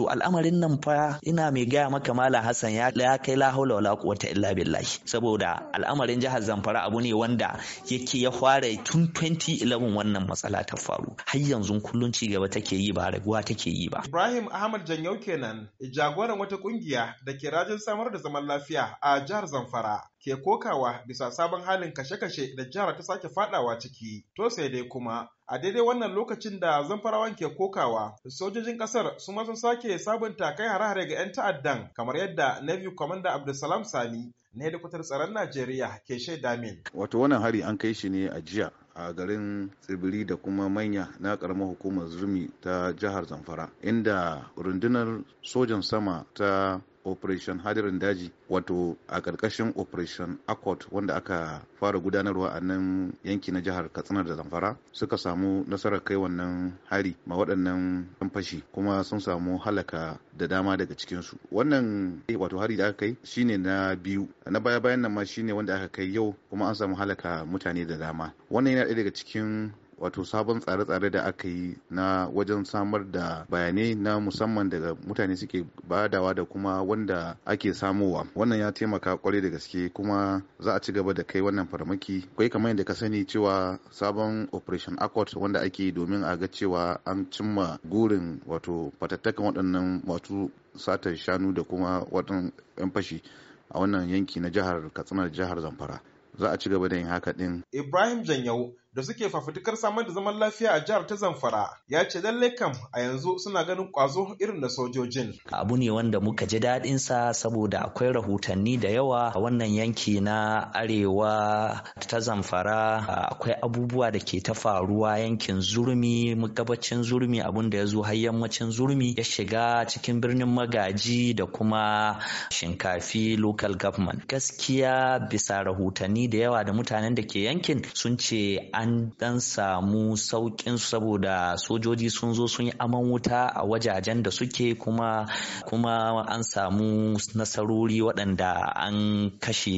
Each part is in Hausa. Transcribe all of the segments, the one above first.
to al'amarin nan fa ina mai gaya maka mala hassan ya kai la haula wala quwwata illa billahi saboda al'amarin jihar zamfara abu ne wanda yake ya fara tun 2011 wannan matsala ta faru har yanzu kullun ci gaba take yi ba raguwa take yi ba ibrahim ahmad janyau kenan jagoran wata kungiya da ke rajin samar da zaman lafiya a jihar zamfara ke kokawa bisa sabon halin kashe-kashe da jihar ta sake fadawa ciki. To sai dai kuma a daidai wannan lokacin da zamfarawan ke kokawa sojojin kasar su sun sake sabunta kai hare-hare ga 'yan ta'addan kamar yadda navy commander abdulsalam Sami na hedikwatar tsaron najeriya ke shaida min wato wannan hari an kai shi ne a jiya a garin tsibiri da kuma manya na karamar hukumar zumi ta jihar zamfara inda rundunar sojan sama ta operation hadirin daji wato a ƙarƙashin operation accord wanda aka fara gudanarwa a nan yanki na jihar katsina da zamfara suka samu nasarar kai wannan hari ma waɗannan ɗan fashi kuma sun samu halaka da dama daga cikinsu wannan eh, wato hari da aka kai shine na biyu na baya bayan nan ma shine wanda aka kai yau kuma an samu halaka mutane da dama wannan yana ɗaya daga cikin wato sabon tsare-tsare da aka yi na wajen samar da bayanai na musamman daga mutane suke badawa da kuma wanda ake samowa wannan ya taimaka kwarai da gaske kuma za a ci gaba da kai wannan farmaki kai kamar yadda ka sani cewa sabon operation accord wanda ake domin a ga cewa an cimma gurin wato fatattakan waɗannan wato satar shanu da kuma waɗannan 'yan fashi a wannan yanki na jihar katsina da jihar zamfara za a ci gaba da yin haka ɗin ibrahim janyau da suke fafutukar samar da zaman lafiya a jihar ta Zamfara ya ce lalle kam a yanzu suna ganin kwazo irin da sojojin. Abu ne wanda muka ji daɗin sa saboda akwai rahotanni da yawa a wannan yanki na arewa ta Zamfara akwai abubuwa da ke ta faruwa yankin zurmi gabacin zurmi abun da ya zo har yammacin zurmi ya shiga cikin birnin magaji da kuma shinkafi local government gaskiya bisa rahotanni da yawa da mutanen da ke yankin sun ce an dan samu saukin saboda sojoji sun zo sun yi aman wuta a wajajen da suke kuma kuma an samu nasarori waɗanda an kashe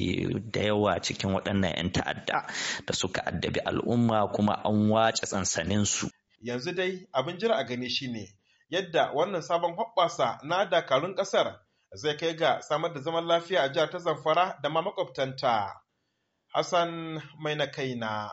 da yawa cikin waɗannan 'yan ta'adda da suka addabi al'umma kuma an wace su Yanzu dai abin jira a gani shine yadda wannan sabon hoɓɓasa na dakarun ƙasar zai kai ga samar da zaman lafiya a jihar ta zamfara da ma makwabtanta. Hassan mai na kaina